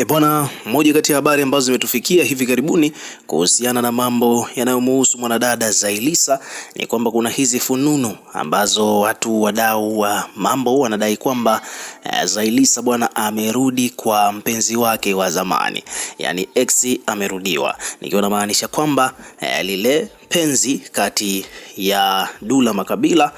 E bwana, moja kati ya habari ambazo zimetufikia hivi karibuni kuhusiana na mambo yanayomuhusu mwanadada Zailisa ni kwamba kuna hizi fununu ambazo watu wadau wa mambo wanadai kwamba eh, Zailisa bwana amerudi kwa mpenzi wake wa zamani, yaani ex amerudiwa, nikiwa namaanisha kwamba eh, lile penzi kati ya Dula Makabila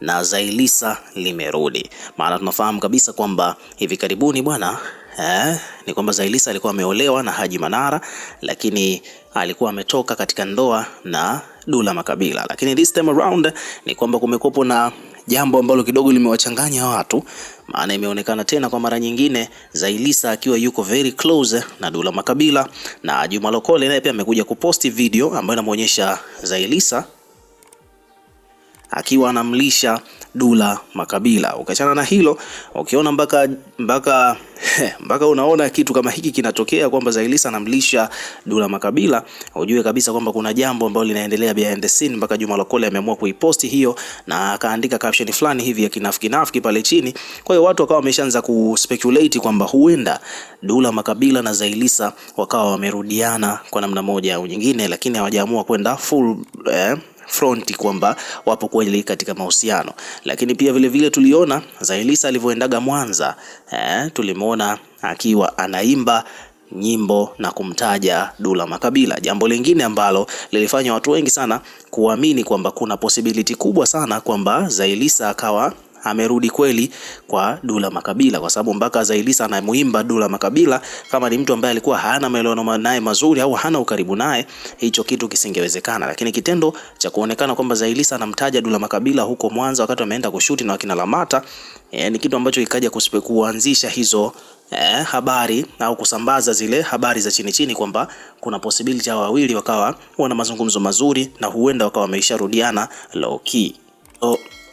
na Zailisa limerudi, maana tunafahamu kabisa kwamba hivi karibuni bwana eh, ni kwamba Zailisa alikuwa ameolewa na Haji Manara, lakini alikuwa ametoka katika ndoa na Dula Makabila. Lakini this time around ni kwamba kumekuwepo na jambo ambalo kidogo limewachanganya watu, maana imeonekana tena kwa mara nyingine Zailisa akiwa yuko very close na Dula Makabila, na Juma Lokole naye pia amekuja kuposti video ambayo inamuonyesha Zailisa akiwa anamlisha Dula Makabila. Ukachana na hilo, ukiona mpaka mpaka mpaka unaona kitu kama hiki kinatokea kwamba Zailisa anamlisha Dula Makabila, ujue kabisa kwamba kuna jambo ambalo linaendelea behind the scene. Mpaka Juma Lokole ameamua kuiposti hiyo na akaandika caption fulani hivi ya kinafiki nafiki pale chini. Kwa hiyo watu wakawa wameshaanza ku speculate kwamba huenda Dula Makabila na Zailisa wakawa wamerudiana kwa namna moja au nyingine, lakini hawajaamua kwenda full eh, fronti kwamba wapo kweli katika mahusiano, lakini pia vile vile tuliona Zailisa alivyoendaga Mwanza eh, tulimwona akiwa anaimba nyimbo na kumtaja Dula Makabila. Jambo lingine ambalo lilifanya watu wengi sana kuamini kwamba kuna posibiliti kubwa sana kwamba Zailisa akawa amerudi kweli kwa Dula Makabila, kwa sababu mpaka Zailisa anamuimba Dula Makabila kama ni mtu ambaye alikuwa hana maelewano naye mazuri au hana ukaribu naye, hicho kitu kisingewezekana. Lakini kitendo cha kuonekana kwamba Zailisa anamtaja Dula Makabila huko Mwanza wakati wameenda kushuti na wakina Lamata eh, ni kitu ambacho ikaja kuanzisha hizo eh, habari au kusambaza zile habari za chini chini kwamba kuna possibility hao wawili wakawa wana mazungumzo mazuri na huenda wakawa wameisharudiana low key. So,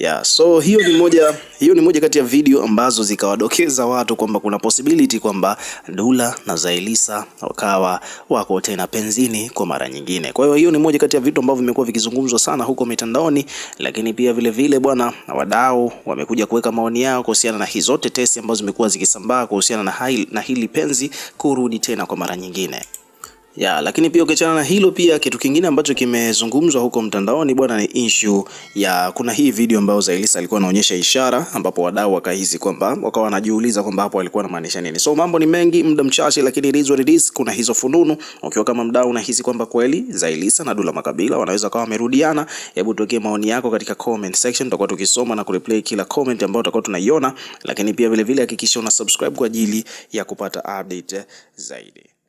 Yeah, so hiyo ni moja hiyo ni moja kati ya video ambazo zikawadokeza watu kwamba kuna possibility kwamba Dula na Zailisa wakawa wako tena penzini kwa mara nyingine. Kwa hiyo hiyo ni moja kati ya vitu ambavyo vimekuwa vikizungumzwa sana huko mitandaoni, lakini pia vile vile bwana, wadau wamekuja kuweka maoni yao kuhusiana na hizo zote tesi ambazo zimekuwa zikisambaa kuhusiana na hili penzi kurudi tena kwa mara nyingine ya, lakini pia ukiachana na hilo pia kitu kingine ambacho kimezungumzwa huko mtandaoni bwana ni issue ya kuna hii video ambayo Zailisa alikuwa anaonyesha ishara ambapo wadau wakahisi kwamba wakawa wanajiuliza kwamba hapo alikuwa anamaanisha nini. So mambo ni mengi, muda mchache, lakini it is what it is, kuna hizo fununu. Ukiwa kama mdau unahisi kwamba kweli Zailisa na Dula Makabila wanaweza kawa wamerudiana, hebu tuwekee maoni yako katika comment section, tutakuwa tukisoma na kureplay kila comment ambayo tutakuwa tunaiona, lakini pia vile vile hakikisha una subscribe kwa ajili ya kupata update zaidi.